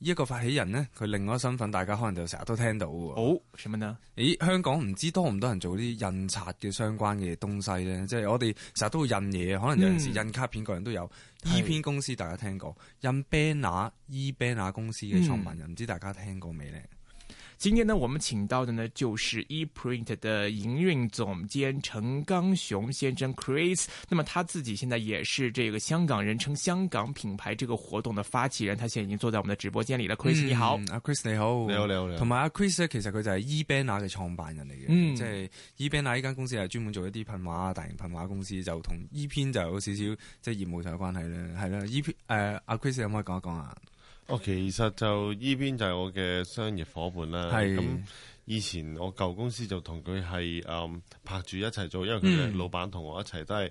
一個發起人咧，佢另外一個身份，大家可能就成日都聽到嘅。哦，什麼呢？誒，香港唔知多唔多人做啲印刷嘅相關嘅東西咧，即係我哋成日都會印嘢，可能有陣時印卡片，個人都有。嗯、E-Print 公司大家聽過，是印 Banner E-Banner 公司嘅創辦人，唔、嗯、知大家聽過未咧？今天呢，我們請到的呢就是 E-print 的營運總監陳剛雄先生 Chris。那麼他自己現在也是這個香港人撐香港品牌這個活動的發起人，他現在已經坐在我們的直播間裏了。Chris，你好。阿、嗯、Chris 你好，你好，你好你好。同埋阿 Chris 其實佢就係 eBanner 嘅創辦人嚟嘅，即係、嗯、eBanner 呢間公司係專門做一啲噴畫大型噴畫公司，就同 EP 就有少少即係、就是、業務上有關係咧，係啦。EP 誒、阿、呃、Chris 有冇可、可以講一講啊？我、okay，其實就依邊就係我嘅商業伙伴啦。咁是以前我舊公司就同佢係誒拍住一齊做，因為佢嘅老闆同我一齊都係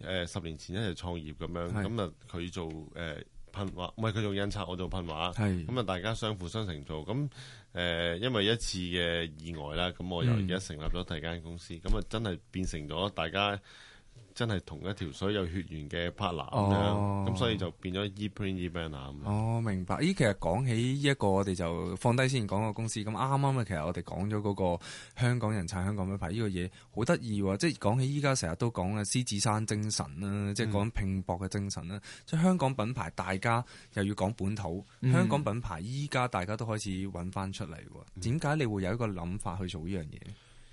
誒十年前一齊創業咁樣。咁啊佢做誒、呃、噴畫，唔係，佢做印刷，我做噴畫。咁啊是大家相輔相成做。咁誒、呃、因為一次嘅意外啦，咁我又而家成立咗第二間公司。咁啊、嗯、真係變成咗大家。真係同一條水有血緣嘅 partner 咁樣、哦，咁所以就變咗 employee partner，哦，明白。咦，其實講起呢一個，我哋就放低先講個公司。咁啱啱啊，其實我哋講咗嗰個香港人撐香港品牌呢個嘢，好得意喎！即係講起依家成日都講嘅獅子山精神啦，嗯、即係講拼搏嘅精神啦。即係香港品牌，大家又要講本土，嗯、香港品牌依家大家都開始揾翻出嚟喎。點解、嗯、你會有一個諗法去做呢樣嘢？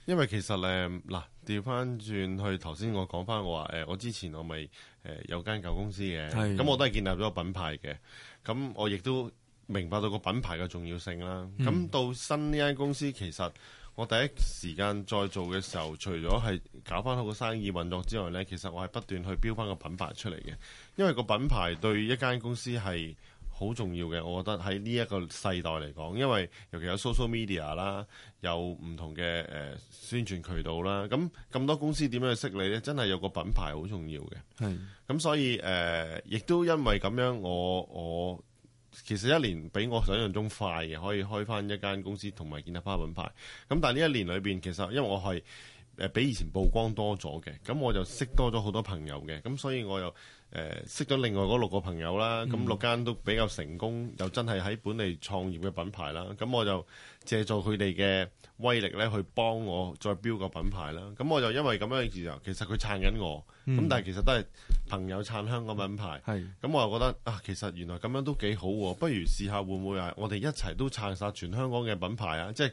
因為其實咧嗱，調翻轉去頭先，我講翻我話誒、呃，我之前我咪誒、呃、有間舊公司嘅，咁的我都係建立咗個品牌嘅。咁我亦都明白到個品牌嘅重要性啦。咁、嗯、到新呢間公司，其實我第一時間再做嘅時候，除咗係搞翻好個生意運作之外呢，其實我係不斷去標翻個品牌出嚟嘅，因為個品牌對一間公司係好重要嘅，我覺得喺呢一個世代嚟講，因為尤其有 social media 啦，有唔同嘅誒、呃、宣傳渠道啦，咁咁多公司點樣去識你呢？真係有個品牌好重要嘅。係是，咁所以誒、呃，亦都因為咁樣，我我其實一年比我想象中快嘅，是可以開翻一間公司同埋建立返個品牌。咁但係呢一年裏邊，其實因為我係。誒比以前曝光多咗嘅，咁我就識多咗好多朋友嘅，咁所以我又誒、呃、識咗另外嗰六個朋友啦，咁六間都比較成功，又真係喺本地創業嘅品牌啦，咁我就借助佢哋嘅威力咧，去幫我再標個品牌啦。咁我就因為咁樣嘅時候，其實佢撐緊我，咁、嗯、但係其實都係朋友撐香港品牌，係是，咁我又覺得啊，其實原來咁樣都幾好喎、啊，不如試下會唔會係我哋一齊都撐曬全香港嘅品牌啊？即係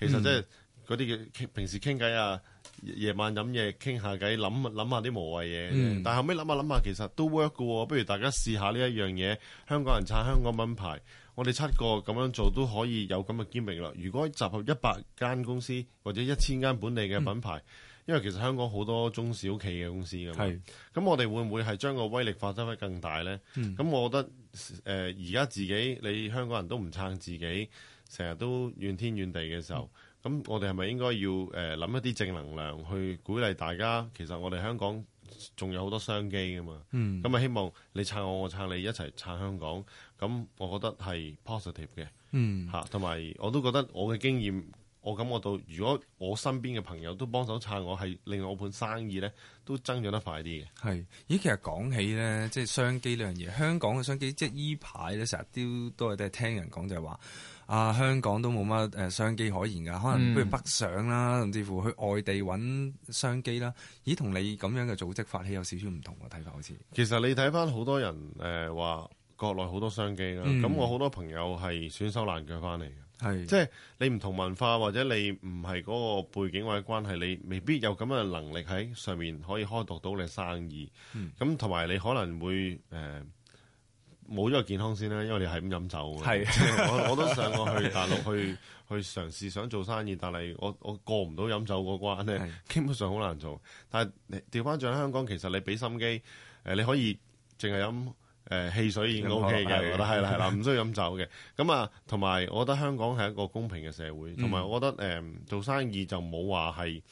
其實即係嗰啲嘅平時傾偈啊～夜晚飲嘢傾下偈，諗諗下啲無謂嘢。嗯、但後尾諗下諗下，其實都 work 噶喎。不如大家試下呢一樣嘢，香港人撐香港品牌。我哋七個咁樣做都可以有咁嘅堅韌啦。如果集合一百間公司或者一千間本地嘅品牌，嗯、因為其實香港好多中小企嘅公司嘅，咁是我哋會唔會係將個威力發揮得更大呢？咁、嗯、我覺得誒，而、呃、家自己你香港人都唔撐自己，成日都怨天怨地嘅時候。嗯咁我哋係咪應該要誒諗一啲正能量去鼓勵大家？其實我哋香港仲有好多商機㗎嘛，咁啊、嗯、希望你撐我，我撐你，一齊撐香港。咁我覺得係 positive 嘅，嚇、嗯，同埋我都覺得我嘅經驗，我感覺到如果我身邊嘅朋友都幫手撐我，係令我盤生意咧都增長得快啲嘅。係，咦，其實講起咧，即係商機呢樣嘢，香港嘅商機，即係依排咧，成日都都係聽人講就係話。啊！香港都冇乜誒商機可言㗎，可能不如北上啦，甚至乎去外地揾商機啦。咦，同你咁樣嘅組織發起有少少唔同嘅睇法，看看好似。其實你睇翻好多人誒話、呃、國內好多商機啦，咁、嗯、我好多朋友係損手爛腳翻嚟嘅，係即係你唔同文化或者你唔係嗰個背景或者關係，你未必有咁嘅能力喺上面可以開拓到你生意。咁同埋你可能會誒。呃冇咗個健康先啦，因為你係咁飲酒嘅。是我我都上過去大陸去 去，去嘗試想做生意，但係我我過唔到飲酒嗰關咧，是基本上好難做。但係調翻轉喺香港，其實你俾心機，誒、呃、你可以淨係飲誒汽水已經 O K 嘅，係啦係啦，唔需要飲酒嘅。咁啊，同埋我覺得香港係一個公平嘅社會，同埋的我覺得誒做生意就冇話係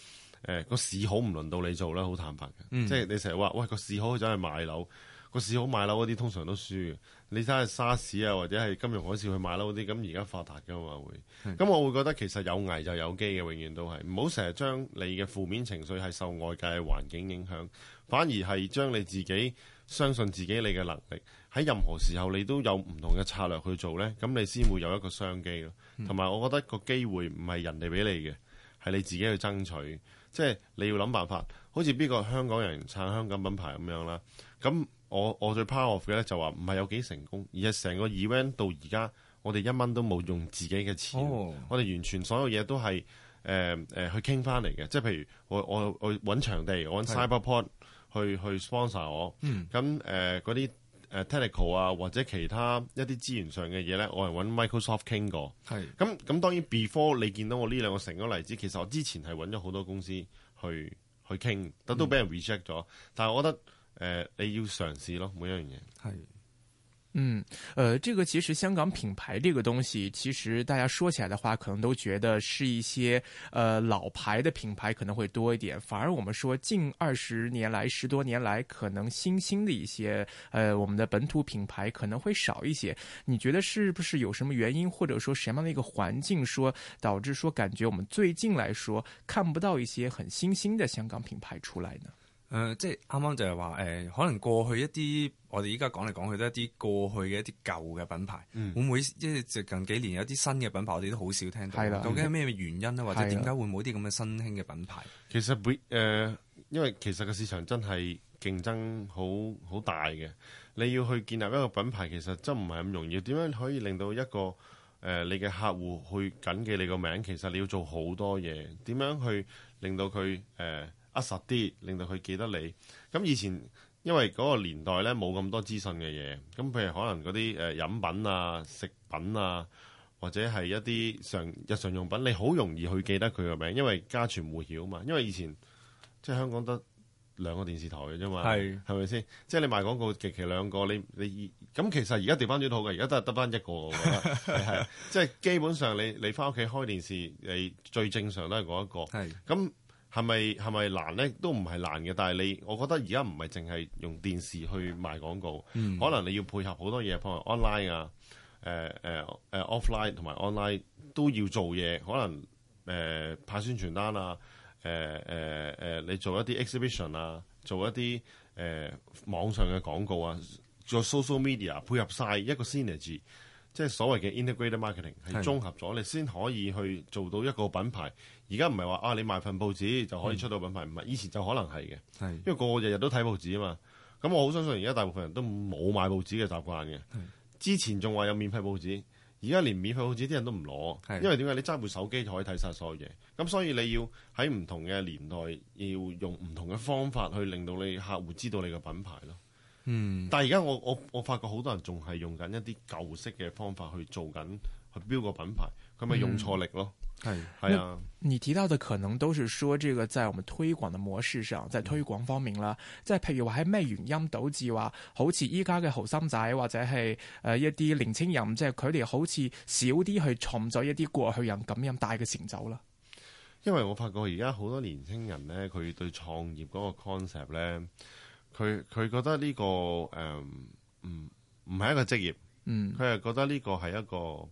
誒個市好唔輪到你做啦，好坦白嘅。嗯、即係你成日話喂，個市好走去買樓。買樓買樓個市好買樓嗰啲通常都輸嘅，你睇下沙士啊或者係金融海嘯去買樓嗰啲，咁而家發達噶嘛會，咁、嗯、我會覺得其實有危就有機嘅，永遠都係唔好成日將你嘅負面情緒係受外界嘅環境影響，反而係將你自己相信自己，你嘅能力，喺任何時候你都有唔同嘅策略去做呢。咁你先會有一個商機咯。同埋我覺得個機會唔係人哋俾你嘅，係你自己去爭取，即係你要諗辦法，好似邊個香港人撐香港品牌咁樣啦，咁。我我最 proud of 嘅咧就話唔係有幾成功，而係成個 event 到而家，我哋一蚊都冇用自己嘅錢，Oh. 我哋完全所有嘢都係誒誒去傾翻嚟嘅。即係譬如我我我揾場地，我揾 Cyberport 去的去，去 sponsor 我，咁誒嗰啲誒 technical 啊或者其他一啲資源上嘅嘢咧，我係揾 Microsoft 傾過。係咁咁當然 before 你見到我呢兩個成功例子，其實我之前係揾咗好多公司去去傾，但都俾人 reject 咗，但係我覺得。誒，你要嘗試咯，每一樣嘢。係，嗯，呃，這個其實香港品牌這個東西，其實大家說起來的話，可能都覺得是一些，呃老牌的品牌，可能會多一點，反而我們說近二十年來，十多年來，可能新興的一些，呃我們的本土品牌可能會少一些。你覺得是不是有什麼原因，或者說什麼樣的一個環境說，說導致說感覺我們最近來說看不到一些很新興的香港品牌出來呢？誒、呃、即係啱啱就係話誒，可能過去一啲我哋依家講嚟講去都一啲過去嘅一啲舊嘅品牌，嗯、會唔會即係近幾年有啲新嘅品牌，我哋都好少聽到。係啦、嗯，究竟係咩原因咧？或者點解會冇啲咁嘅新興嘅品牌？其實會、呃、因為其實個市場真係競爭好好大嘅。你要去建立一個品牌，其實真唔係咁容易。點樣可以令到一個誒、呃、你嘅客戶去緊記你個名？其實你要做好多嘢。點樣去令到佢誒，呃紮實啲，令到佢記得你。咁以前因為嗰個年代咧，冇咁多資訊嘅嘢，咁譬如可能嗰啲誒飲品啊、食品啊，或者係一啲常日常用品，你好容易去記得佢個名，因為家傳戶曉啊嘛。因為以前即係香港得兩個電視台嘅啫嘛，係係咪先？即係你賣廣告，極其，其兩個，你你咁其實而家調翻轉都好嘅，而家都係得得翻一個，係 即係基本上你你翻屋企開電視，你最正常都係嗰一個，係咁是。係咪係咪難咧？都唔係難嘅，但係你我覺得而家唔係淨係用電視去賣廣告，mm. 可能你要配合好多嘢，譬如 online 啊、uh,，誒誒、uh, 誒 offline 同埋 online 都要做嘢，可能誒派、uh, 宣傳單啊，誒誒誒你做一啲 exhibition 啊，做一啲誒、uh, 網上嘅廣告啊，做 social media 配合晒一個 synergy。即係所謂嘅 integrated marketing 係綜合咗，你先可以去做到一個品牌。而家唔係話啊，你賣份報紙就可以出到品牌，唔係、嗯、以前就可能係嘅。係、嗯、因為個個日日都睇報紙啊嘛。咁我好相信而家大部分人都冇買報紙嘅習慣嘅。嗯、之前仲話有免費報紙，而家連免費報紙啲人都唔攞，嗯、因為點解你揸部手機就可以睇晒所有嘢。咁所以你要喺唔同嘅年代要用唔同嘅方法去令到你客戶知道你嘅品牌咯。嗯，但係而家我我我發覺好多人仲係用緊一啲舊式嘅方法去做緊去標個品牌，佢咪用錯力咯？係係啊。你提到的可能都是說，這個在我們推廣的模式上，在推廣方面啦，即係、嗯、譬如話係咩原因導致話好似依家嘅後生仔或者係誒一啲年青人，即係佢哋好似少啲去創作一啲過去人咁樣大嘅成就啦。因為我發覺而家好多年輕人呢，佢對創業嗰個 concept 呢。佢佢覺得呢個誒唔唔係一個職業，佢係、嗯、覺得呢個係一個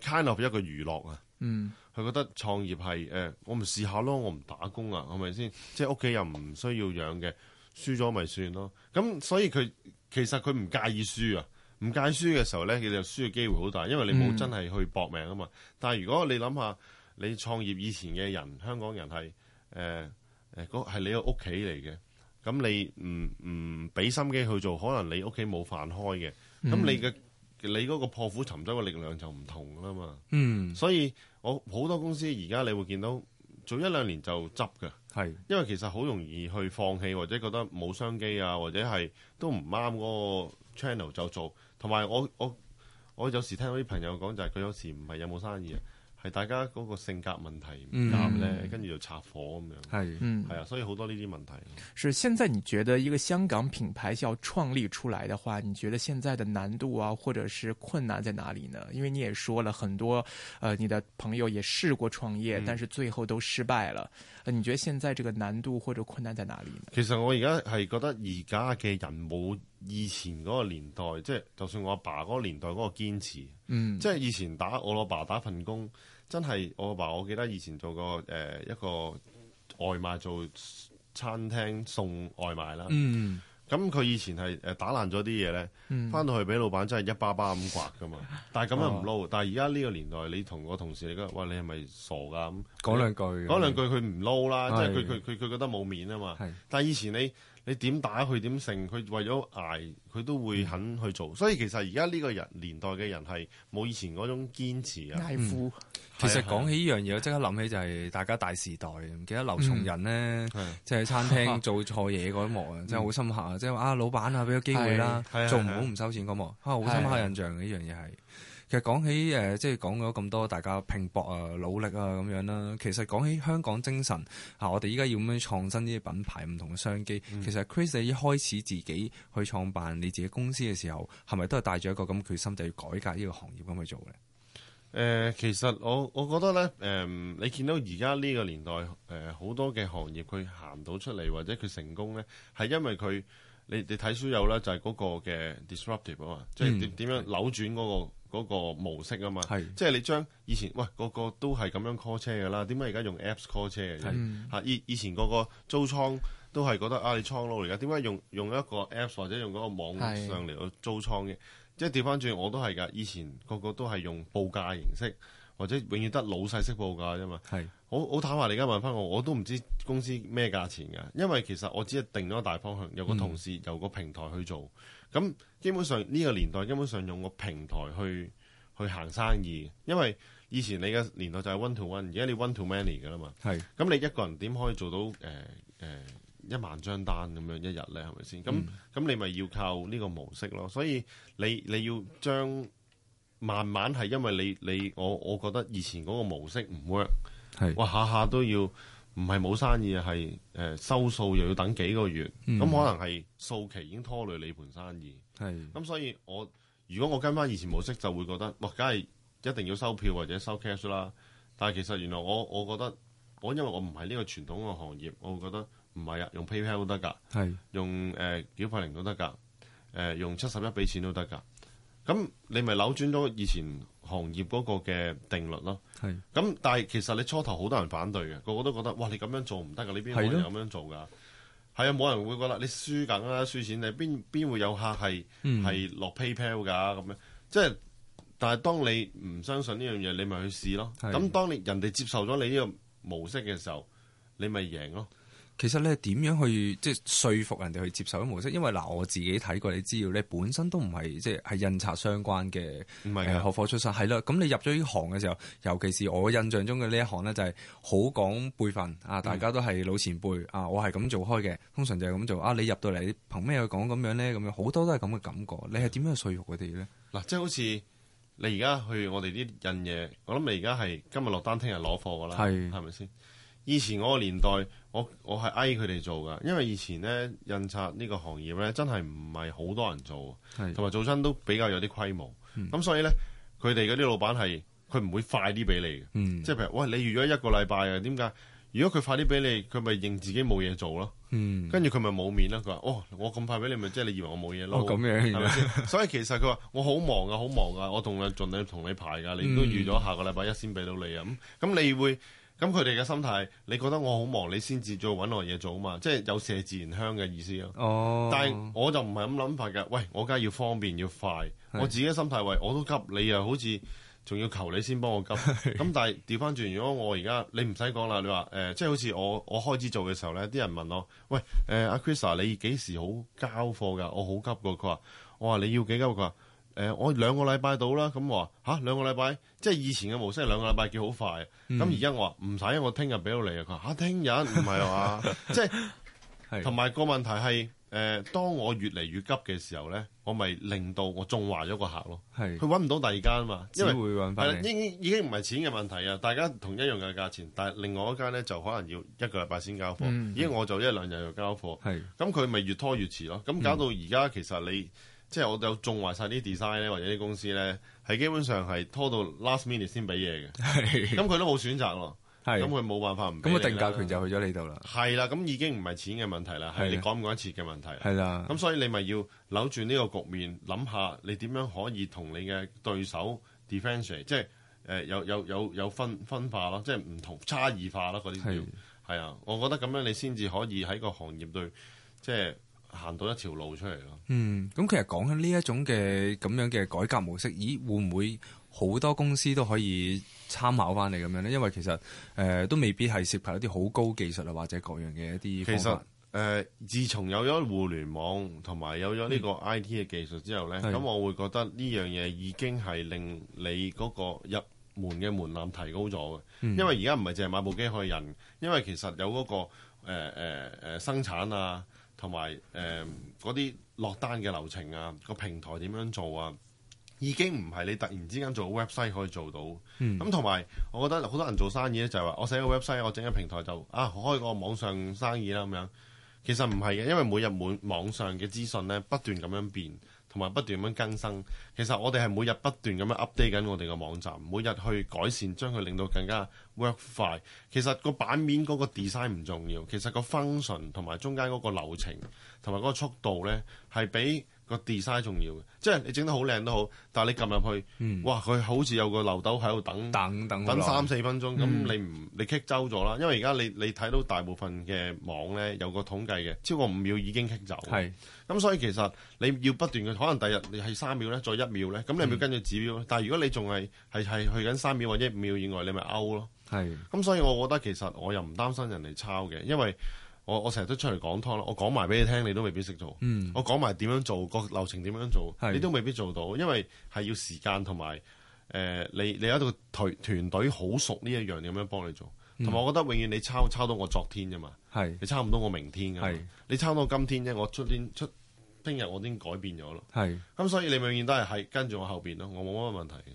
kind of 一個娛樂啊。佢、嗯、覺得創業係誒、呃，我唔試下咯，我唔打工啊，係咪先？即係屋企又唔需要養嘅，輸咗咪算咯。咁所以佢其實佢唔介意輸啊，唔介意輸嘅時候咧，佢就輸嘅機會好大，因為你冇真係去搏命啊嘛。但係如果你諗下，你創業以前嘅人，香港人係誒誒嗰係你個屋企嚟嘅。咁你唔唔俾心機去做，可能你屋企冇飯開嘅。咁、嗯、你嘅你嗰個破釜沉舟嘅力量就唔同㗎啦嘛。嗯，所以我好多公司而家你會見到做一兩年就執嘅，係是因為其實好容易去放棄，或者覺得冇商機啊，或者係都唔啱嗰個 channel 就做。同埋我我我有時聽到啲朋友講、就是，就係佢有時唔係有冇生意啊。係大家嗰個性格問題唔啱咧，跟住就拆夥咁樣。係是，係啊、嗯，所以好多呢啲問題。是現在，你覺得一個香港品牌要創立出來的話，你覺得現在的難度啊，或者是困難在哪裡呢？因為你也說了很多，呃，你的朋友也試過創業，但是最後都失敗了。嗯啊、你覺得現在這個難度或者困難在哪裡呢？其實我而家係覺得而家嘅人冇以前嗰個年代，即、就、係、是、就算我阿爸嗰個年代嗰個堅持，嗯，即係以前打我阿爸，爸打份工。真係我阿爸，爸，我記得以前做個誒、呃、一個外賣做餐廳送外賣啦。咁佢、嗯、以前係誒打爛咗啲嘢咧，翻到、嗯、去俾老闆真係一巴巴咁刮噶嘛。但係咁樣唔撈。哦、但係而家呢個年代，你同個同事你覺得：「喂，你係咪傻㗎？」咁講兩句，講兩句佢唔撈啦，即係佢佢佢佢覺得冇面啊嘛。的但係以前你。你點打佢點成，佢為咗捱佢都會肯去做，所以其實而家呢個人年代嘅人係冇以前嗰種堅持啊。捱苦、嗯，其實講起呢樣嘢，我即刻諗起就係大家大時代，唔記得劉松仁咧，嗯、就喺餐廳做錯嘢嗰一幕啊，嗯、真係好深刻啊！即係話啊，老闆啊，俾咗機會啦，做唔好唔收錢嗰幕，啊好深刻印象嘅呢樣嘢係。是其實講起誒，即、呃、係講咗咁多，大家拼搏啊、努力啊咁樣啦、啊。其實講起香港精神啊，我哋依家要咁樣創新啲品牌唔同嘅商機。嗯、其實 Chris 你一開始自己去創辦你自己公司嘅時候，係咪都係帶住一個咁嘅決心，就要改革呢個行業咁去做咧？誒、呃，其實我我覺得咧，誒、呃、你見到而家呢個年代誒好、呃、多嘅行業，佢行到出嚟或者佢成功咧，係因為佢你你睇書有啦，就係、是、嗰個嘅 disruptive 啊嘛，即係點點樣扭轉嗰、那個。嗯嗯嗰個模式啊嘛，是即係你將以前喂個個都係咁樣 call 車嘅啦，點解而家用 Apps call 車嘅？嚇是，以以前個個租倉都係覺得啊，你倉佬嚟㗎，點解用用一個 Apps 或者用嗰個網上嚟去租倉嘅？是即係調翻轉我都係㗎，以前個個都係用報價形式，或者永遠得老細式報價啫嘛。係是，好好坦白，你而家問翻我，我都唔知公司咩價錢㗎，因為其實我只係定咗個大方向，有個同事由個平台去做。嗯。咁基本上呢個年代，基本上用個平台去去行生意，因為以前你嘅年代就係 one to one，而家你 one to many 噶啦嘛。係是，咁你一個人點可以做到誒誒、呃呃、一萬張單咁樣一日咧？係咪先？咁咁你咪要靠呢個模式咯。所以你你要將慢慢係因為你你我我覺得以前嗰個模式唔 work，係是，哇，下下都要。唔係冇生意，係誒、呃、收數又要等幾個月，咁、嗯、可能係數期已經拖累你盤生意。係是，咁所以我如果我跟翻以前模式，就會覺得，哇，梗係一定要收票或者收 cash 啦。但係其實原來我我覺得，我因為我唔係呢個傳統嘅行業，我覺得唔係啊，用 PayPal 都得㗎，用誒繳費靈都得㗎，誒用七十一俾錢都得㗎。咁你咪扭轉咗以前行業嗰個嘅定律咯，係咁的，但係其實你初頭好多人反對嘅，個個都覺得，哇！你咁樣做唔得㗎，你邊冇人咁樣做㗎，係啊的，冇人會覺得你輸緊啦，輸錢，你邊邊會有客係係落 PayPal 㗎咁樣？即係、嗯，但係當你唔相信呢樣嘢，你咪去試咯。咁的當你人哋接受咗你呢個模式嘅時候，你咪贏咯。其實咧點樣去即係說服人哋去接受啲模式？因為嗱、呃，我自己睇過你資料咧，本身都唔係即係係印刷相關嘅，唔係是、呃、學科出身。係啦，咁你入咗呢行嘅時候，尤其是我印象中嘅呢一行咧，就係、是、好講輩分啊，大家都係老前輩啊，我係咁做開嘅，通常就係咁做啊。你入到嚟，憑咩去講咁樣咧？咁樣好多都係咁嘅感覺。你係點樣去說服佢哋咧？嗱，即係好似你而家去我哋啲印嘢，我諗你而家係今日落單，聽日攞貨噶啦，係係咪先？以前嗰個年代，我我係嗌佢哋做噶，因為以前咧印刷呢個行業咧真係唔係好多人做，同埋做親都比較有啲規模，咁、嗯、所以咧佢哋嗰啲老闆係佢唔會快啲俾你，、嗯、你，你，嗯，即係譬如喂你預咗一個禮拜啊，點解如果佢快啲俾你，佢咪認自己冇嘢做咯，跟住佢咪冇面咯，佢話哦，我咁快俾你咪即係你以為我冇嘢咯，哦咁樣、啊是是，所以其實佢話我好忙啊，好忙啊，我同盡力同你排噶，你都預咗下個禮拜一先俾到你啊，咁咁、嗯嗯嗯、你會。咁佢哋嘅心態，你覺得我好忙，你先至再揾我嘢做啊嘛，即係有麝自然香嘅意思咯。哦，oh. 但係我就唔係咁諗法㗎。喂，我梗係要方便要快，是我自己嘅心態，喂，我都急，你又好似仲要求你先幫我急。咁是但係調翻轉，如果我而家你唔使講啦，你話誒、呃，即係好似我我開始做嘅時候咧，啲人問我，喂，誒、呃、阿 Chris 你幾時好交貨㗎？我好急㗎，佢話我話你要幾急，佢話。誒、呃，我兩個禮拜到啦，咁我話吓兩個禮拜，即係以前嘅模式係兩個禮拜叫好快，咁而家我話唔使，我聽日俾到你啊。佢吓聽日，唔係嘛？ 即係同埋個問題係，誒、呃，當我越嚟越急嘅時候咧，我咪令到我縱壞咗個客咯。係佢搵唔到第二間嘛？因為會搵翻嚟，已經已經唔係錢嘅問題啊。大家同一樣嘅價錢，但係另外一間咧就可能要一個禮拜先交貨，而、嗯、我就一兩日就交貨。係咁佢咪越拖越遲咯。咁搞到而家其實你。嗯嗯即係我有縱壞曬啲 design 咧，或者啲公司咧，係基本上係拖到 last minute 先俾嘢嘅。咁佢 都冇選擇咯。係是，咁佢冇辦法唔俾。咁個定價權就去咗你度啦。係啦，咁已經唔係錢嘅問題啦，係你趕唔趕得切嘅問題。係啦的。咁所以你咪要扭轉呢個局面，諗下你點樣可以同你嘅對手 differentiate 即係誒有有有有分分化咯，即係唔同差異化咯，嗰啲叫係啊。我覺得咁樣你先至可以喺個行業對即係。行到一條路出嚟咯。嗯，咁其實講緊呢一種嘅咁樣嘅改革模式，咦？會唔會好多公司都可以參考翻嚟咁樣咧？因為其實誒、呃、都未必係涉及一啲好高技術啊，或者各樣嘅一啲。其實誒、呃，自從有咗互聯網同埋有咗呢個 IT 嘅技術之後咧，咁、嗯、我會覺得呢樣嘢已經係令你嗰個入門嘅門檻提高咗嘅，嗯、因為而家唔係淨係買部機去人，因為其實有嗰、那個誒誒、呃呃呃、生產啊。同埋誒嗰啲落單嘅流程啊，個平台點樣做啊，已經唔係你突然之間做個 website 可以做到。咁同埋，我覺得好多人做生意咧，就係話我寫個 website，我整個平台就啊開個網上生意啦咁樣。其實唔係嘅，因為每日滿網上嘅資訊咧不斷咁樣變。同埋不斷咁樣更新，其實我哋係每日不斷咁樣 update 緊我哋個網站，每日去改善，將佢令到更加 work fine。其實個版面嗰個 design 唔重要，其實個 function 同埋中間嗰個流程同埋嗰個速度呢，係比。個 design 重要嘅，即係你整得好靚都好，但係你撳入去，嗯、哇佢好似有個漏斗喺度等，等，等等等三四分鐘，咁、嗯、你唔你 kick 走咗啦，因為而家你你睇到大部分嘅網咧有個統計嘅，超過五秒已經 kick 走，係是，咁所以其實你要不斷嘅，可能第日你係三秒咧，再一秒咧，咁你咪跟住指標，嗯、但係如果你仲係係係去緊三秒或者五秒以外，你咪 out 咯，係是，咁所以我覺得其實我又唔擔心人哋抄嘅，因為。我我成日都出嚟講湯啦，我講埋俾你聽，你都未必識做。嗯、我講埋點樣做，個流程點樣做，的你都未必做到，因為係要時間同埋誒，你你喺度團團隊好熟呢一樣嘅咁樣幫你做，同埋、嗯、我覺得永遠你抄抄到我昨天嘅嘛，係的你抄唔到我明天嘅，的你抄到今天啫，我出天出聽日我已經改變咗咯，係咁的所以你永遠都係喺跟住我後邊咯，我冇乜問題嘅。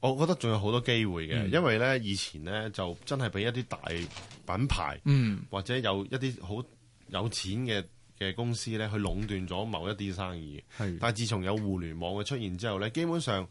我覺得仲有好多機會嘅，嗯、因為咧以前咧就真係俾一啲大品牌，嗯、或者有一啲好有錢嘅嘅公司咧，去壟斷咗某一啲生意。係是，但係自從有互聯網嘅出現之後咧，基本上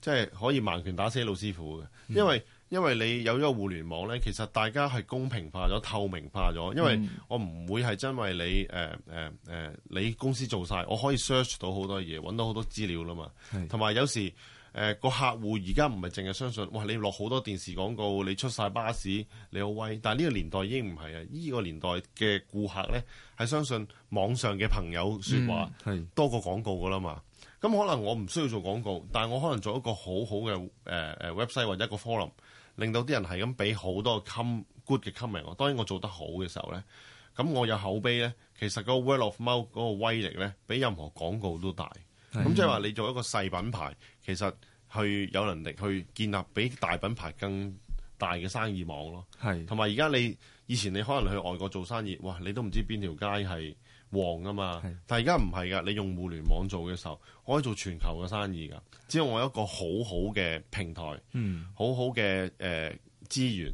即係可以盲拳打死老師傅嘅，嗯、因為因為你有咗互聯網咧，其實大家係公平化咗、透明化咗。因為我唔會係真為你誒誒誒，你公司做晒，我可以 search 到好多嘢，揾到好多資料啦嘛。同埋是有，有時。誒個、呃、客戶而家唔係淨係相信，哇！你落好多電視廣告，你出晒巴士，你好威。但係呢個年代已經唔係啊，依、這個年代嘅顧客咧係相信網上嘅朋友説話多過廣告㗎啦嘛。咁、嗯、可能我唔需要做廣告，但係我可能做一個好好嘅誒誒 website 或者一個 forum，令到啲人係咁俾好多嘅 good 嘅 comment。我當然我做得好嘅時候咧，咁我有口碑咧，其實嗰個 word of mouth 嗰個威力咧比任何廣告都大。咁即係話你做一個細品牌，其實去有能力去建立比大品牌更大嘅生意網咯。係是，同埋而家你以前你可能去外國做生意，哇，你都唔知邊條街係旺噶嘛。是但係而家唔係噶，你用互聯網做嘅時候，我可以做全球嘅生意噶。只要我有一個好好嘅平台，嗯，好好嘅誒資源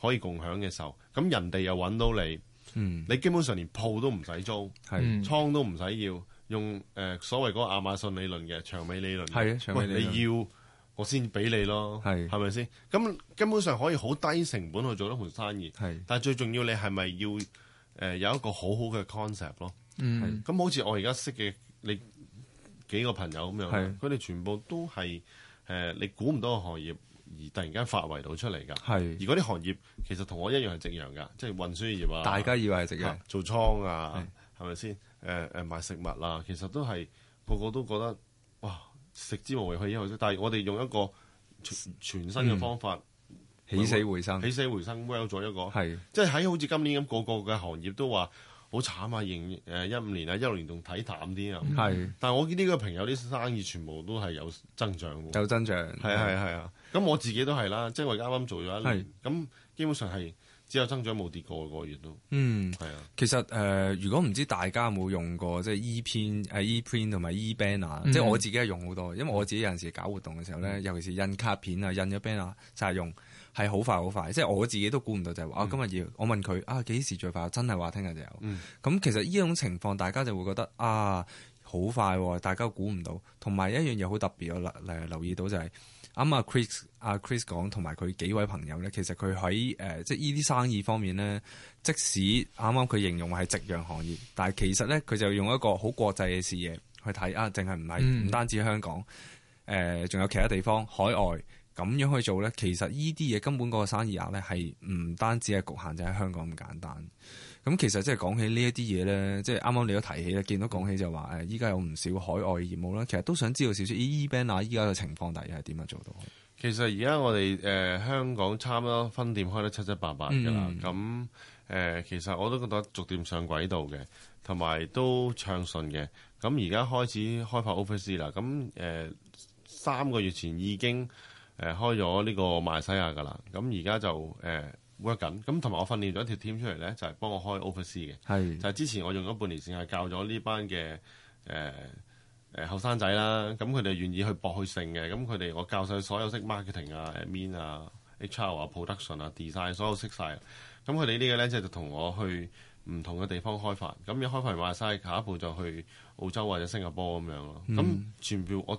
可以共享嘅時候，咁人哋又揾到你，嗯，你基本上連鋪都唔使租，係是，倉、嗯、都唔使要。用誒、呃、所謂嗰個亞馬遜理論嘅長尾理論，係長尾你要我先俾你咯，係係咪先？咁根本上可以好低成本去做一盤生意，係的。但最重要你係咪要誒、呃、有一個好好嘅 concept 咯？嗯的，咁好似我而家識嘅你幾個朋友咁樣，佢哋的全部都係誒、呃、你估唔到嘅行業而突然間發圍到出嚟㗎，係的。而嗰啲行業其實同我一樣係直營㗎，即係運輸業啊，大家以為係直營做倉啊。的係咪先？誒誒賣食物啦，其實都係個個都覺得哇，食之無味，棄之可惜。但係我哋用一個全新嘅方法，起死回生，起死回生，well 咗一個係。即係喺好似今年咁，個個嘅行業都話好慘啊，營誒一五年啊，一六年仲睇淡啲啊。係。但係我見呢個朋友啲生意全部都係有增長喎。有增長，係係係啊。咁我自己都係啦，即係我啱啱做咗一年，咁基本上係。之後增長冇跌過個月都。嗯，係啊。其實誒、呃，如果唔知大家有冇用過即係 e print e print 同埋 e banner 即係我自己係用好多。因為我自己有陣時搞活動嘅時候咧，嗯、尤其是印卡片啊、印咗 banner 就係用係好快好快。即、就、係、是、我自己都估唔到、嗯、就係、是、話、啊，今日要我問佢啊幾時最快？真係話聽日就有。咁、嗯、其實呢種情況，大家就會覺得啊好快，大家估唔到。同埋一樣嘢好特別，我留留意到就係、是。啱啱，Chris，阿 Chris 講同埋佢幾位朋友咧，其實佢喺誒即係呢啲生意方面咧，即使啱啱佢形容係夕陽行業，但係其實咧佢就用一個好國際嘅視野去睇啊，淨係唔係唔單止香港，誒、呃、仲有其他地方海外咁樣去做咧，其實呢啲嘢根本嗰個生意額咧係唔單止係局限就喺香港咁簡單。咁其實即係講起呢一啲嘢咧，即係啱啱你都提起咧，見到講起就話，誒依家有唔少海外業務啦，其實都想知道少少、e，咦，eBanner 啊，依家嘅情況大概係點啊？做到？其實而家我哋誒、呃、香港差唔多分店開得七七八八嘅啦，咁誒、嗯呃、其實我都覺得逐漸上軌道嘅，同埋都暢順嘅。咁而家開始開發 Office 啦，咁誒、呃、三個月前已經誒開咗呢個馬來西亞噶啦，咁而家就誒。呃 work 緊咁，同埋我訓練咗一條 team 出嚟咧，就係幫我開 office 嘅。的就係之前我用咗半年時間教咗呢班嘅誒誒後生仔啦。咁佢哋願意去博去勝嘅。咁佢哋我教晒所有識 marketing 啊、admin、mm. 啊、H.R. 啊、production 啊、design，所有識晒。咁佢哋呢個咧，即係就同、是、我去唔同嘅地方開發。咁一開發完馬來西亞，下一步就去澳洲或者新加坡咁樣咯。咁全部我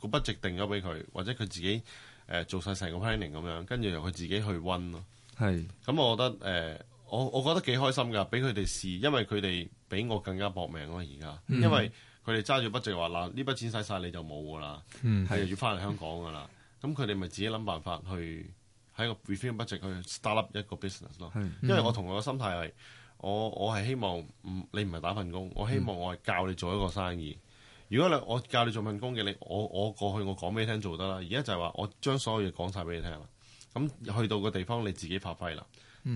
個 budget 定咗俾佢，或者佢自己誒、呃、做晒成個 planning 咁樣，跟住由佢自己去 run 咯。係，咁是我覺得誒、呃，我我覺得幾開心噶，俾佢哋試，因為佢哋比我更加搏命咯而家。嗯、因為佢哋揸住 budget 話，嗱，呢筆錢使晒你就冇噶啦，係、嗯、要翻嚟香港噶啦，咁佢哋咪自己諗辦法去喺個 review budget 去 start up 一個 business 咯，是因為我同我嘅心態係，我我係希望唔，你唔係打份工，我希望我係教你做一個生意。嗯、如果你我教你做份工嘅你，我我過去我講俾你聽做得啦，而家就係話我將所有嘢講晒俾你聽。咁、嗯、去到個地方你自己發揮啦。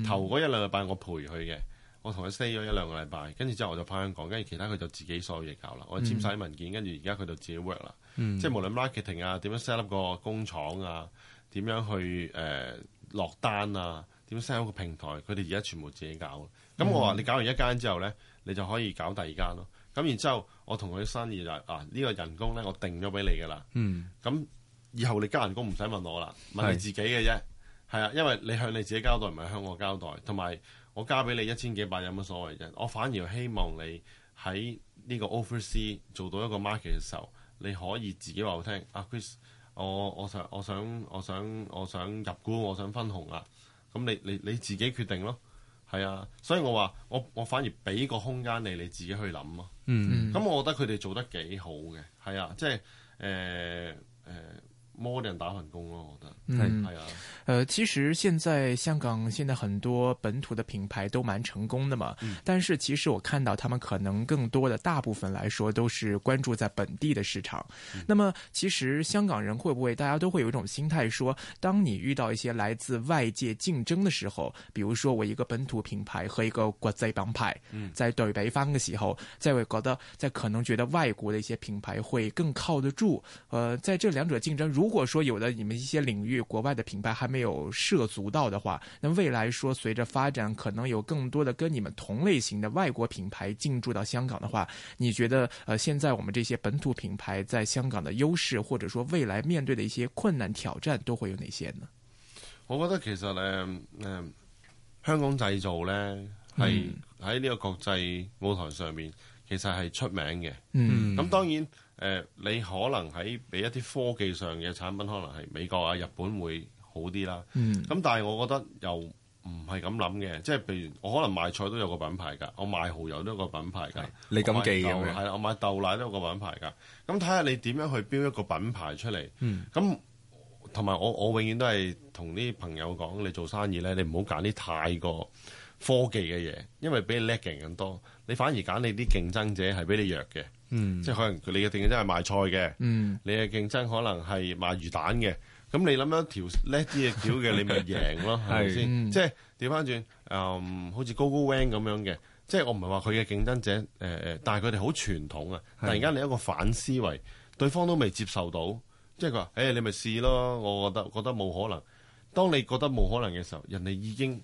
頭嗰、嗯、一兩個禮拜我陪佢嘅，我同佢 say 咗一兩個禮拜，跟住之後我就翻香港，跟住其他佢就自己所有嘢搞啦。我簽晒啲文件，跟住而家佢就自己 work 啦。嗯、即係無論 marketing 啊，點樣 set up 個工廠啊，點樣去誒落單啊，點樣 set up 個平台，佢哋而家全部自己搞。咁我話你搞完一間之後咧，你就可以搞第二間咯。咁然之後我同佢啲生意就啊呢、這個人工咧，我定咗俾你噶啦。咁、嗯嗯以後你加人工唔使問我啦，問你自己嘅啫。係啊的，因為你向你自己交代，唔係向我交代。同埋我加俾你一千幾百有乜所謂啫？我反而希望你喺呢個 oversea 做到一個 market 嘅時候，你可以自己話我聽。啊，Chris，我我想我想我想我想，我想入股，我想分紅啊。咁你你你自己決定咯。係啊，所以我話我我反而俾個空間你你自己去諗咯、啊。嗯嗯。咁我覺得佢哋做得幾好嘅。係啊，即係誒誒。呃呃呃摸點打份工咯，我覺得。嗯，係啊。呃，其實現在香港現在很多本土的品牌都蠻成功的嘛。嗯。但是其實我看到他們可能更多的大部分來說都是關注在本地的市場。嗯。那麼其實香港人會不會大家都會有一種心態，說當你遇到一些來自外界競爭的時候，比如說我一個本土品牌和一個國際品牌，嗯，在對比方的時候，在我覺得在可能覺得外國的一些品牌會更靠得住。呃，在這兩者競爭如如果說有的你們一些領域國外的品牌還沒有涉足到的話，那未來說隨着發展，可能有更多的跟你們同類型的外國品牌進駐到香港的話，你覺得，呃，現在我們這些本土品牌在香港的優勢，或者說未來面對的一些困難挑戰，都會有哪些呢？我覺得其實呢，呃，香港製造呢係喺呢個國際舞台上面其實係出名嘅。嗯，咁當然。誒、呃，你可能喺俾一啲科技上嘅產品，可能係美國啊、日本會好啲啦。咁、嗯、但係我覺得又唔係咁諗嘅，即係譬如我可能賣菜都有個品牌㗎，我賣蠔油都有個品牌㗎，是你金記咁樣係啦，我賣豆，嗎豆奶都有個品牌㗎。咁睇下你點樣去標一個品牌出嚟。咁同埋我我永遠都係同啲朋友講，你做生意咧，你唔好揀啲太過科技嘅嘢，因為比你叻勁咁多，你反而揀你啲競爭者係比你弱嘅。嗯，即係可能你嘅競爭係賣菜嘅，嗯、你嘅競爭可能係賣魚蛋嘅，咁你諗咗條叻啲嘅橋嘅， 你咪贏咯係咪先？即係調翻轉，誒，好似 GoGoVan 咁樣嘅，即係我唔係話佢嘅競爭者，誒、呃、誒，但係佢哋好傳統啊。突然間你一個反思維，對方都未接受到，即係佢話，誒、哎，你咪試咯。我覺得覺得冇可能。當你覺得冇可能嘅時候，人哋已經。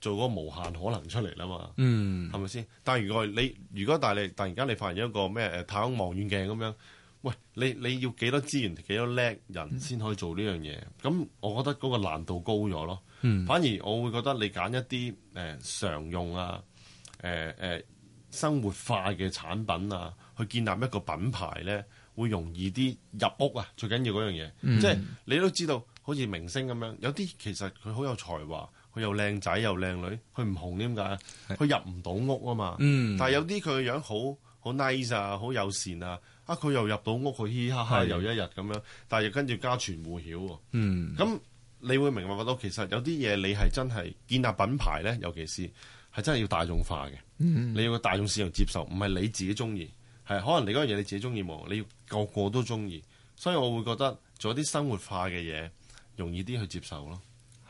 做嗰個無限可能出嚟啦嘛，係咪先？但係如果你如果但係你突然間你發現一個咩太空望遠鏡咁樣，喂，你你要幾多資源、幾多叻人先可以做呢樣嘢？咁、嗯、我覺得嗰個難度高咗咯。嗯、反而我會覺得你揀一啲誒、呃、常用啊、誒、呃、誒生活化嘅產品啊，去建立一個品牌咧，會容易啲入屋啊。最緊要嗰樣嘢，即係、嗯、你都知道，好似明星咁樣，有啲其實佢好有才華。佢又靚仔又靚女，佢唔紅點解？佢入唔到屋啊嘛。嗯、但係有啲佢嘅樣好好 nice 啊，好友善啊。啊，佢又入到屋，佢嘻嘻哈哈是又一日咁樣。但係又跟住家傳戶曉。嗯，咁你會明白覺到。其實有啲嘢你係真係建立品牌咧，尤其是係真係要大眾化嘅。嗯、你要個大眾市場接受，唔係你自己中意，係可能你嗰樣嘢你自己中意喎，你要個個都中意。所以我會覺得做啲生活化嘅嘢容易啲去接受咯。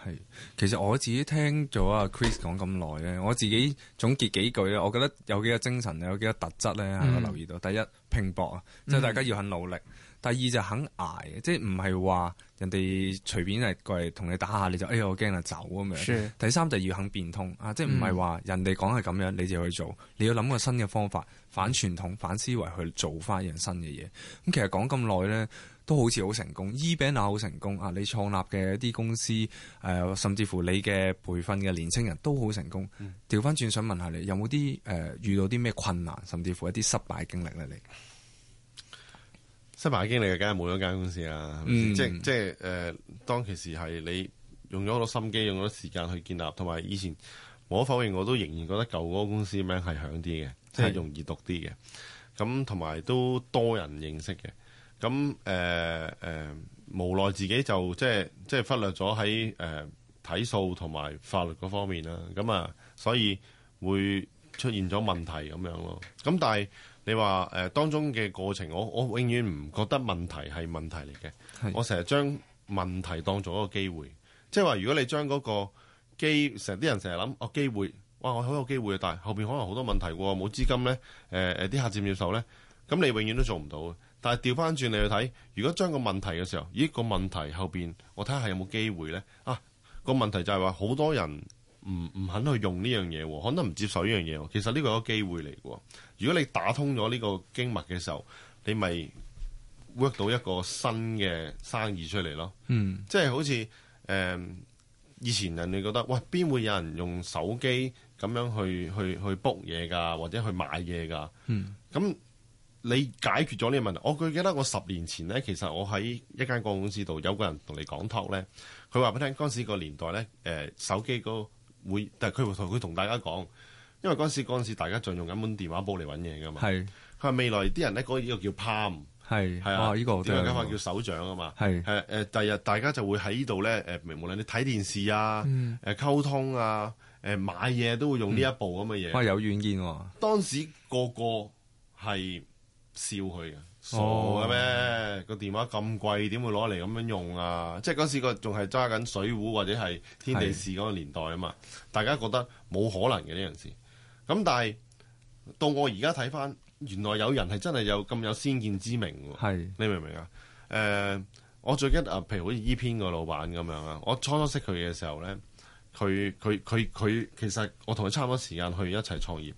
係，其實我自己聽咗阿 Chris 講咁耐咧，我自己總結幾句咧，我覺得有幾個精神，有幾個特質咧，我留意到。嗯、第一，拼搏啊，即、就、係、是、大家要肯努力；嗯、第二就是、肯挨，即係唔係話人哋隨便係過嚟同你打下你就誒、哎，我驚啊走咁是、就是、樣。第三就要肯變通啊，即係唔係話人哋講係咁樣你就去做，嗯、你要諗個新嘅方法，反傳統、反思維去做翻一樣新嘅嘢。咁其實講咁耐咧。都好似好成功，E-banner 好、er、成功啊！你創立嘅一啲公司，誒、呃，甚至乎你嘅培訓嘅年輕人都好成功。調返轉想問下你，有冇啲誒遇到啲咩困難，甚至乎一啲失敗經歷咧？你失敗嘅經歷，梗係冇咗間公司啦、嗯，即係即係誒，當其時係你用咗好多心機，用咗時間去建立，同埋以前無可否認，我都仍然覺得舊嗰個公司名係響啲嘅，即係容易讀啲嘅，咁同埋都多人認識嘅。咁誒誒，無奈自己就即係即係忽略咗喺誒睇數同埋法律嗰方面啦、啊。咁啊，所以會出現咗問題咁樣咯、啊。咁但係你話誒當中嘅過程，我我永遠唔覺得問題係問題嚟嘅。是的 我成日將問題當做一個機會，即係話如果你將嗰個機成啲人成日諗哦機會哇我好有機會啊，但係後邊可能好多問題喎，冇資金咧，誒誒啲客接唔接受咧，咁你永遠都做唔到嘅。但係調翻轉你去睇，如果將個問題嘅時候，咦、問題後邊我睇下有冇機會咧？啊、問題就係話好多人唔唔肯去用呢樣嘢，可能唔接受呢樣嘢。其實呢個係個機會嚟嘅。如果你打通咗呢個經脈嘅時候，你咪 work 到一個新嘅生意出嚟咯。嗯，即係好似誒、呃，以前人哋覺得，喂，邊會有人用手機咁樣去去去 book 嘢噶，或者去買嘢噶。嗯，咁。你解決咗呢個問題？我記記得我十年前咧，其實我喺一間廣告公司度，有個人同你講託咧，佢話俾你聽嗰陣時個年代咧，誒手機個會，但係佢同佢同大家講，因為嗰陣時嗰陣時大家仲用緊本電話簿嚟揾嘢㗎嘛。係是。佢話未來啲人咧講呢個叫 Palm，係。啊，依、這個點解叫手掌啊嘛？係是。誒誒、啊，第日大家就會喺呢度咧，誒無論你睇電視啊、誒、嗯、溝通啊、誒買嘢都會用呢一部咁嘅嘢。喂、嗯，有軟件喎。當時個個係。燒佢嘅，傻嘅咩？個、oh. 電話咁貴，點會攞嚟咁樣用啊？即係嗰時個仲係揸緊水壺或者係天地事嗰個年代啊嘛，是大家覺得冇可能嘅呢件事。咁但係到我而家睇翻，原來有人係真係有咁有先見之明。係是你明唔明啊？誒、呃，我最一啊，譬如好似 E-print 個老闆咁樣啊，我初初識佢嘅時候咧，佢佢佢佢，其實我同佢差唔多時間去一齊創業，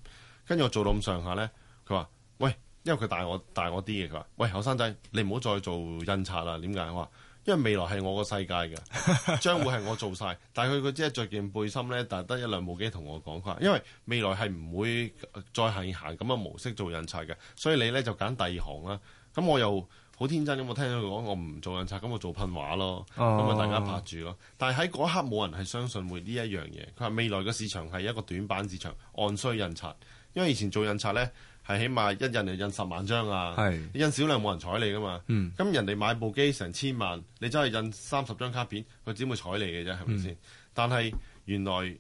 跟住我做到咁上下咧，佢話喂。因為佢大我大我啲嘅。佢話：喂，後生仔，你唔好再做印刷啦！點解？我，我，我, 我話：因為未來係我個世界嘅，將會係我做晒。但係佢佢只係着件背心咧，但係得一兩部機同我講。佢話：因為未來係唔會再行行咁嘅模式做印刷嘅，所以你咧就揀第二行啦。咁我又好天真咁，我聽到佢講我唔做印刷，咁我做噴畫咯。咁啊，大家拍住咯。但係喺嗰一刻冇人係相信會呢一樣嘢。佢話未來嘅市場係一個短版市場，按需印刷。因為以前做印刷咧。係起碼一印就印十萬張啊！是印你印少量冇人睬你噶嘛？咁、嗯、人哋買部機成千萬，你真係印三十張卡片，佢點會睬你嘅啫，係咪先？嗯、但係原來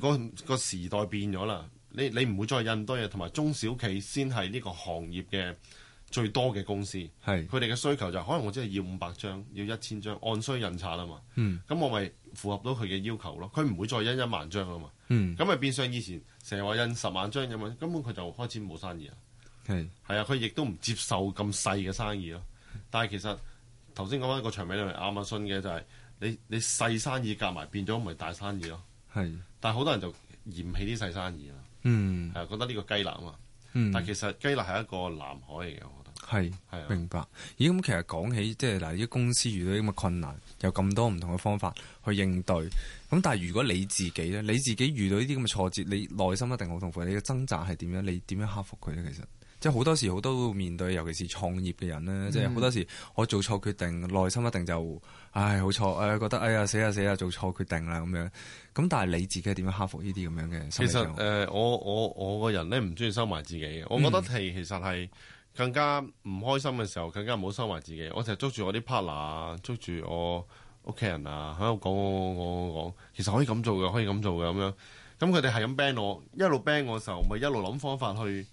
個個時代變咗啦，你你唔會再印多嘢，同埋中小企先係呢個行業嘅最多嘅公司。佢哋嘅需求就係，可能我真係要五百張，要一千張，按需印刷啊嘛。咁、嗯、我咪符合到佢嘅要求咯。佢唔會再印一萬張啊嘛。嗯，咁咪變相以前成日話印十萬張咁樣，根本佢就開始冇生意啦。係是，係啊，佢亦都唔接受咁細嘅生意咯。但係其實頭先講翻個長尾理論，你咪啱啱信嘅就係你你細生意夾埋變咗唔係大生意咯。係是，但係好多人就嫌棄啲細生意啊。嗯，係啊，覺得呢個雞肋啊嘛。嗯，但係其實雞肋係一個藍海嚟嘅。係，是啊、明白。咦，咁其實講起，即係嗱，呢啲公司遇到啲咁嘅困難，有咁多唔同嘅方法去應對。咁但係如果你自己咧，你自己遇到呢啲咁嘅挫折，你內心一定好痛苦。你嘅掙扎係點樣？你點樣克服佢咧？其實，即係好多時，好多面對，尤其是創業嘅人咧，嗯、即係好多時我做錯決定，內心一定就，唉，好錯，唉，覺得，哎呀，死啊死啊，做錯決定啦咁樣。咁但係你自己係點樣克服呢啲咁樣嘅？其實，誒、呃，我我我個人咧唔中意收埋自己，我覺得係其實係。嗯更加唔開心嘅時候，更加唔好收埋自己。我成日捉住我啲 partner 啊，捉住我屋企人啊，喺度講講講講講。其實可以咁做嘅，可以咁做嘅咁樣。咁佢哋係咁 ban 我，一路 ban 我嘅時候，咪一路諗方法去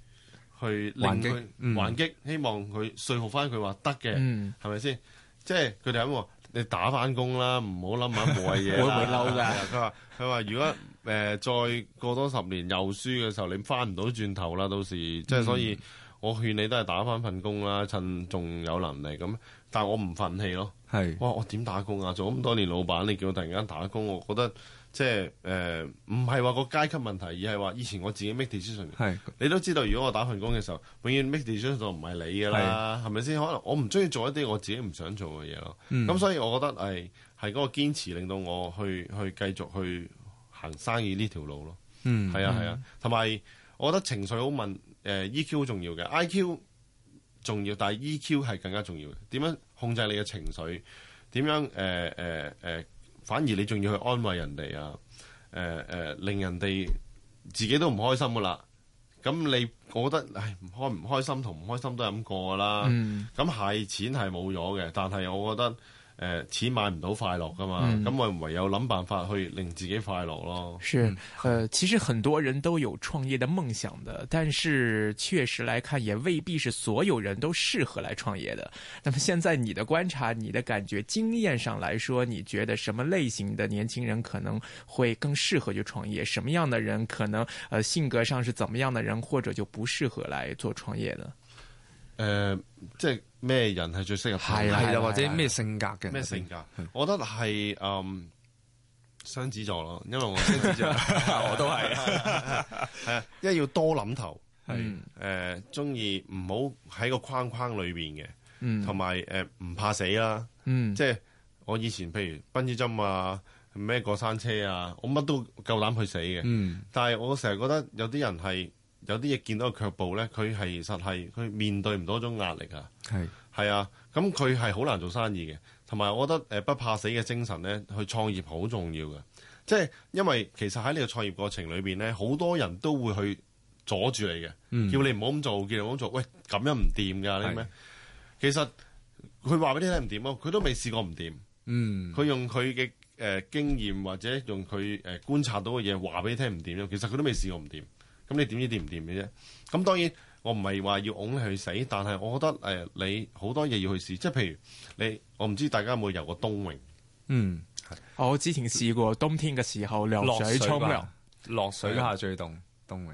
去令佢還，擊、嗯、還擊，希望佢說服翻佢話得嘅，係咪先？即係佢哋咁話，你打翻工啦，唔好諗埋冇謂嘢。 會唔會嬲㗎？佢話佢話，如果誒、呃、再過多十年又輸嘅時候，你翻唔到轉頭啦，到時即係所以。嗯我勸你都係打翻份工啦，趁仲有能力咁。但係我唔憤氣咯。係是，哇！我點打工啊？做咁多年老闆，你叫我突然間打工，我覺得即係誒，唔係話個階級問題，而係話以前我自己 make decision 是。係，你都知道，如果我打份工嘅時候，永遠 make decision 就唔係你噶啦，係咪先？可能我唔中意做一啲我自己唔想做嘅嘢咯。咁、嗯、所以，我覺得係係嗰個堅持令到我去去繼續去行生意呢條路咯。嗯，係啊係啊，同埋、啊啊、我覺得情緒好問。誒、eh, EQ 好重要嘅，IQ 重要，但係 EQ 係更加重要嘅。點樣控制你嘅情緒？點樣誒誒誒？Eh, eh, eh, 反而你仲要去安慰人哋啊？誒誒，令人哋自己都唔開心㗎啦。咁你我覺得，唉，唔開唔開心同唔開心都係咁過㗎啦。咁係、嗯、錢係冇咗嘅，但係我覺得。誒、呃，錢買唔到快樂㗎嘛？咁、嗯、我唯有諗辦法去令自己快樂咯。是，呃，其實很多人都有創業的夢想的，但是確實來看，也未必是所有人都適合來創業的。那麼，現在你的觀察、你的感覺、經驗上來說，你覺得什麼類型的年輕人可能會更適合去創業？什麼樣的人可能，誒，性格上是怎麼樣的人，或者就不適合來做創業的？呃，即係。咩人係最適合？係啊，或者咩性格嘅？咩性格？我覺得係誒雙子座咯，因為我雙子座，我都係，係啊，因為要多諗頭，係誒中意唔好喺個框框裏邊嘅，嗯，同埋誒唔怕死啦，嗯，即係我以前譬如蹦支針啊，咩過山車啊，我乜都夠膽去死嘅，嗯，但係我成日覺得有啲人係。有啲嘢見到佢卻步咧，佢係實係佢面對唔到一種壓力是啊！係係啊，咁佢係好難做生意嘅。同埋，我覺得誒不怕死嘅精神咧，去創業好重要嘅。即係因為其實喺呢個創業過程裏邊咧，好多人都會去阻住你嘅，嗯、叫你唔好咁做，叫你唔好咁做。喂，咁樣唔掂㗎，你明唔明？其實佢話俾你聽唔掂咯，佢都未試過唔掂。嗯，佢用佢嘅誒經驗或者用佢誒觀察到嘅嘢話俾你聽唔掂。其實佢都未試過唔掂。咁你點知掂唔掂嘅啫？咁當然我唔係話要拱佢去死，但係我覺得誒你好多嘢要去試，即係譬如你我唔知大家有冇遊過冬泳？嗯，嗯我之前試過冬天嘅時候涼水沖涼，落水嗰下最凍，冬泳。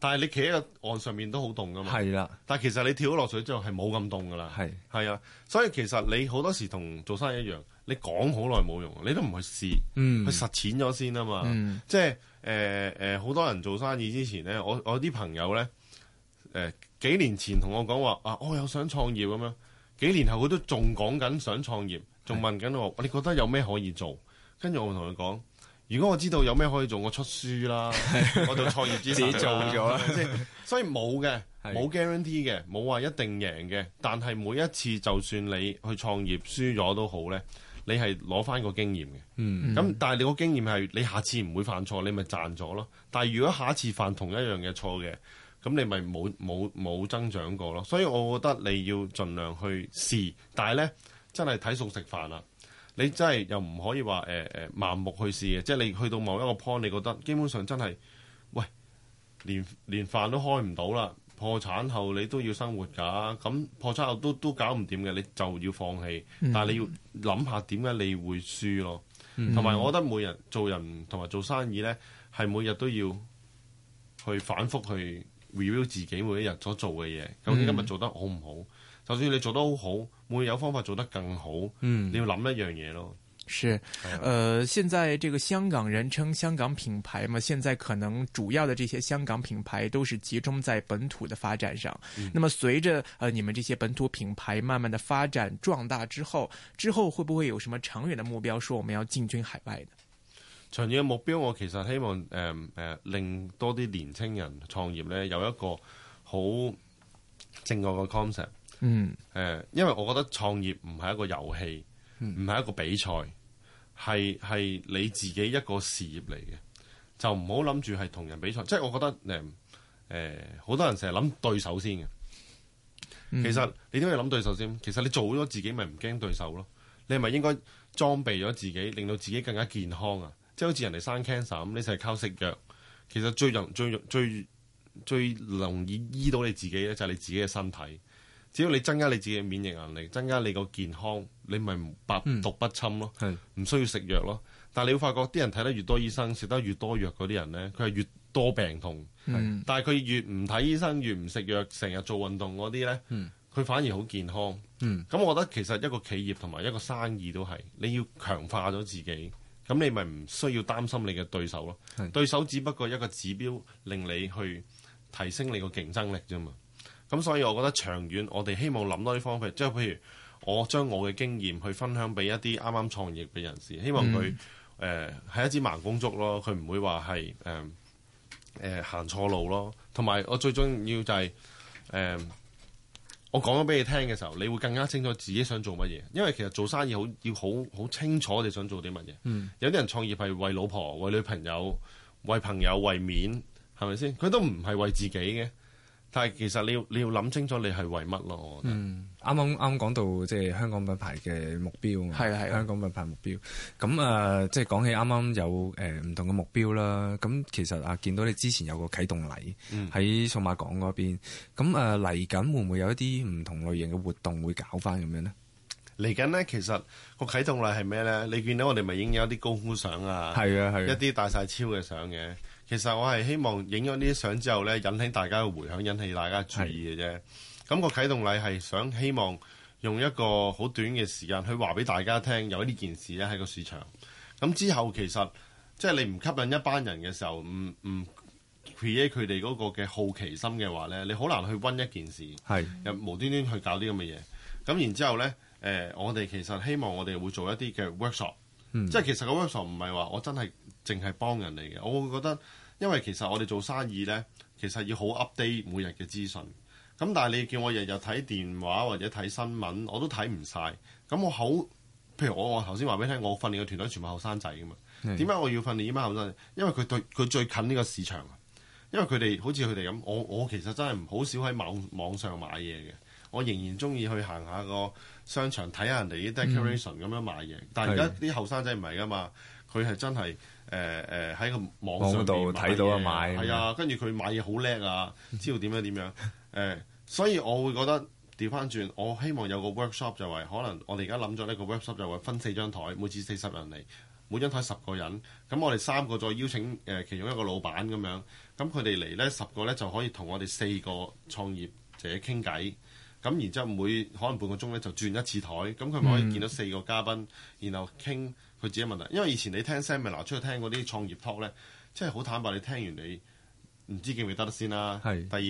但係你企喺個岸上面都好凍㗎嘛。係啦的，但係其實你跳咗落水之後係冇咁凍㗎啦。係係啊，所以其實你好多時同做生意一樣。你講好耐冇用，你都唔去試，嗯、去實踐咗先啊嘛！嗯、即係誒誒，好、呃呃、多人做生意之前呢，我我啲朋友呢，誒、呃、幾年前同我講話啊，我又想創業咁樣。幾年後佢都仲講緊想創業，仲問緊我，是的 你覺得有咩可以做？跟住我同佢講，如果我知道有咩可以做，我出書啦，是的 我就創業 自己做咗啦先。所以冇嘅，冇 guarantee 嘅，冇話一定贏嘅。但係每一次，就算你去創業輸咗都好呢。你係攞翻個經驗嘅，咁、嗯、但係你個經驗係你下次唔會犯錯，你咪賺咗咯。但係如果下一次犯同一樣嘅錯嘅，咁你咪冇冇冇增長過咯。所以我覺得你要盡量去試，但係咧真係睇餸食飯啦。你真係又唔可以話誒誒盲目去試嘅，即係你去到某一個 point，你覺得基本上真係喂連連飯都開唔到啦。破產後你都要生活㗎，咁破產後都都搞唔掂嘅，你就要放棄。嗯、但係你要諗下點解你會輸咯，同埋、嗯、我覺得每日做人同埋做生意咧，係每日都要去反覆去 review 自己每一日所做嘅嘢。究竟今日做得好唔好？嗯、就算你做得好好，每有方法做得更好。嗯、你要諗一樣嘢咯。是，呃，現在這個香港人稱香港品牌嘛，現在可能主要的這些香港品牌都是集中在本土的發展上。嗯、那麼隨着，呃，你們這些本土品牌慢慢的發展壯大之後，之後會不會有什麼長遠的目標，說我們要進軍海外呢？長遠的目標，我其實希望，誒、呃、誒，令多啲年青人創業咧，有一個好正確嘅 concept。嗯。誒、呃，因為我覺得創業唔係一個遊戲，唔係、嗯嗯、一,一個比賽。係係你自己一個事業嚟嘅，就唔好諗住係同人比賽。即係我覺得誒誒，好、呃、多人成日諗對手先嘅。嗯、其實你點解諗對手先？其實你做好咗自己，咪唔驚對手咯。你係咪應該裝備咗自己，令到自己更加健康啊？即係好似人哋生 cancer 咁，你成日靠食藥。其實最容最容最最容易醫到你自己咧，就係、是、你自己嘅身體。只要你增加你自己嘅免疫能力，增加你個健康，你咪百毒不侵咯，唔、嗯、需要食藥咯。是但係你會發覺啲人睇得越多醫生，食得越多藥嗰啲人咧，佢係越多病痛。是但係佢越唔睇醫生，越唔食藥，成日做運動嗰啲咧，佢、嗯、反而好健康。咁、嗯、我覺得其實一個企業同埋一個生意都係，你要強化咗自己，咁你咪唔需要擔心你嘅對手咯。是是對手只不過一個指標，令你去提升你個競爭力啫嘛。咁所以，我覺得長遠，我哋希望諗多啲方法，即係譬如我將我嘅經驗去分享俾一啲啱啱創業嘅人士，希望佢誒係一支盲公竹咯，佢唔會話係誒誒行錯路咯。同埋我最重要就係、是、誒、呃，我講咗俾你聽嘅時候，你會更加清楚自己想做乜嘢，因為其實做生意好要好好清楚你想做啲乜嘢。有啲人創業係為老婆、為女朋友、為朋友、為面，係咪先？佢都唔係為自己嘅。但係其實你要你要諗清楚你係為乜咯？我覺得嗯，啱啱啱講到即係、就是、香港品牌嘅目標。係啊係啊，香港品牌目標。咁啊，即係講起啱啱有誒唔、呃、同嘅目標啦。咁其實啊，見到你之前有個啟動禮喺、嗯、數碼港嗰邊。咁啊，嚟、呃、緊會唔會有一啲唔同類型嘅活動會搞翻咁樣呢？嚟緊咧，其實個啟動禮係咩咧？你見到我哋咪影有一啲高呼相啊，係啊係，一啲大曬超嘅相嘅。其實我係希望影咗呢啲相之後呢，引起大家嘅回響，引起大家注意嘅啫。咁是個啟動禮係想希望用一個好短嘅時間去話俾大家聽，有呢件事咧喺個市場。咁之後其實即係你唔吸引一班人嘅時候，唔唔 create 佢哋嗰個嘅好奇心嘅話呢，你好難去温一件事，又是無端端去搞啲咁嘅嘢。咁然之後呢，誒、呃、我哋其實希望我哋會做一啲嘅 workshop。嗯、即係其實個 WhatsApp 唔係話我真係淨係幫人嚟嘅，我會覺得，因為其實我哋做生意呢，其實要好 update 每日嘅資訊。咁但係你叫我日日睇電話或者睇新聞，我都睇唔晒。咁我好，譬如我我頭先話俾你聽，我訓練嘅團隊全部後生仔㗎嘛。點解、嗯、我要訓練依班後生仔，因為佢對佢最近呢個市場啊，因為佢哋好似佢哋咁，我我其實真係唔好少喺網網上買嘢嘅，我仍然中意去行下個商場睇下人哋啲 decoration 咁，嗯、樣買嘢，但係而家啲後生仔唔係噶嘛，佢係真係誒誒喺個網上度睇到啊買，係啊，跟住佢買嘢好叻啊，嗯、知道點樣點樣誒，呃，所以我會覺得調翻轉，我希望有個 workshop 就係，是，可能我哋而家諗咗呢個 workshop 就係分四張台，每次四十人嚟，每張台十個人，咁我哋三個再邀請誒其中一個老闆咁樣，咁佢哋嚟呢，十個呢就可以同我哋四個創業者傾偈。咁然之後每可能半個鐘咧就轉一次枱，咁佢咪可以見到四個嘉賓，嗯、然後傾佢自己問題。因為以前你聽聲咪拿出去聽嗰啲創業 talk 咧，即係好坦白，你聽完你唔知記唔記得得先啦、啊。是第二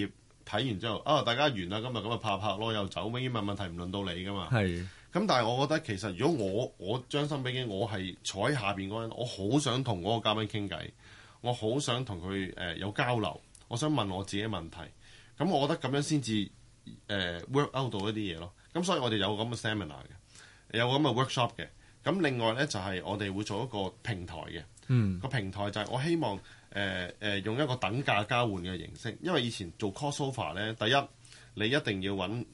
睇完之後，啊大家完啦，今日咁就拍拍咯，又走，咁問問題唔輪到你噶嘛。咁是但係我覺得其實如果我我將心比己，我係坐喺下邊嗰個人，我好想同嗰個嘉賓傾偈，我好想同佢誒有交流，我想問我自己問題。咁我覺得咁樣先至。誒、呃、work out 到一啲嘢咯，咁所以我哋有咁嘅 seminar 嘅，有咁嘅 workshop 嘅，咁另外咧就係、是、我哋會做一個平台嘅，個、嗯、平台就係我希望誒誒、呃呃、用一個等價交換嘅形式，因為以前做 crossover 咧，第一你一定要揾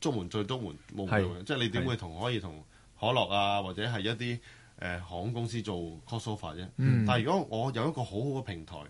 足門最足門，冇可能，是即係你點會同可以同可，可樂啊或者係一啲誒航空公司做 crossover 啫，但係如果我有一個好好嘅平台，誒、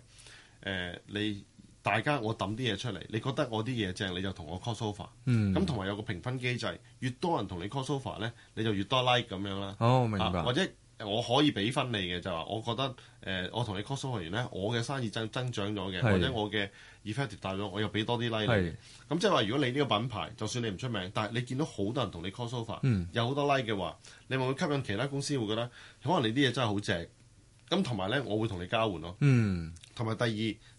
呃、你。大家，我抌啲嘢出嚟，你覺得我啲嘢正，你就同我 crossover 咁，同埋有個評分機制，越多人同你 crossover 咧，你就越多 like 咁樣啦。哦，我明白，啊，或者我可以俾分你嘅，就話、是、我覺得誒、呃，我同你 crossover 完咧，我嘅生意增增長咗嘅，是或者我嘅 effective 大咗，我又俾多啲 like 咁。即係話，如果你呢個品牌就算你唔出名，但係你見到好多人同你 crossover 有好多 like 嘅話，你咪會吸引其他公司會覺得可能你啲嘢真係好正咁。同埋咧，我會同你交換咯。嗯，同埋第二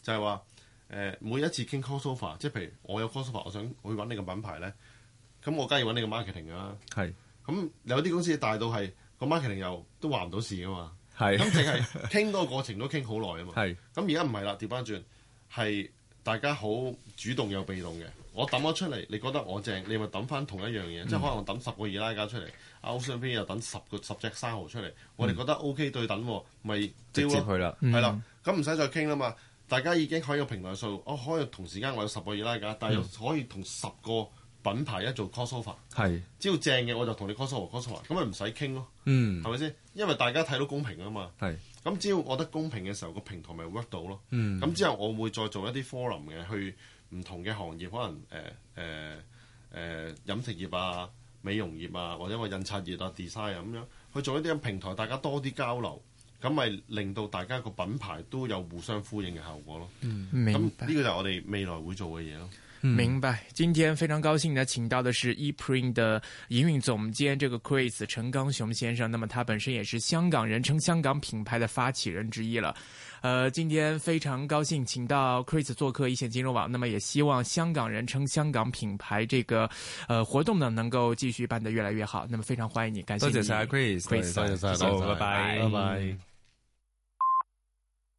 就係、是、話。誒每一次傾 crossover 即係譬如我有 crossover 我想去揾你個品牌咧，咁我梗係要揾你個 marketing 噶啦。係是，咁有啲公司大到係、個 marketing 又都話唔到事噶嘛。係是，咁淨係傾嗰個過程都傾好耐啊嘛。係是，咁而家唔係啦，調翻轉係大家好主動又被動嘅。我抌咗出嚟，你覺得我正，你咪抌翻同一樣嘢。嗯、即係可能我抌十個二拉家出嚟，啊，o s h 又等十個十隻生蠔出嚟，我哋覺得 O.K. 對等，咪直接去啦，係啦，咁唔使再傾啦嘛。嗯嗯。大家已經喺個平台上，我、哦、可以同時間我有十個要拉架，但係又可以同十個品牌一做 coserve 是。係，只要正嘅我就同你 coserve，coserve，咁咪唔使傾咯。嗯，係咪先？因為大家睇到公平啊嘛。係是，咁只要我覺得公平嘅時候，個平台咪 work 到咯。嗯，咁之後我會再做一啲 forum 嘅，去唔同嘅行業，可能誒誒誒飲食業啊、美容業啊，或者我印刷業啊、design 啊咁樣去做一啲咁平台，大家多啲交流。咁咪令到大家個品牌都有互相呼應嘅效果咯。嗯，嗯明白。呢個就係我哋未來會做嘅嘢咯。嗯、明白。今天非常高興呢，請到的是 E-print 的營運總監，這個 Chris 陳剛雄先生。那麼他本身也是香港人稱香港品牌的發起人之一了。呃，今天非常高興請到 Chris 做客一線金融網。那麼，也希望香港人稱香港品牌這個呃活動呢，能夠繼續辦得越來越好。那麼非常歡迎你，感謝你，Chris。Chris，拜拜，拜拜。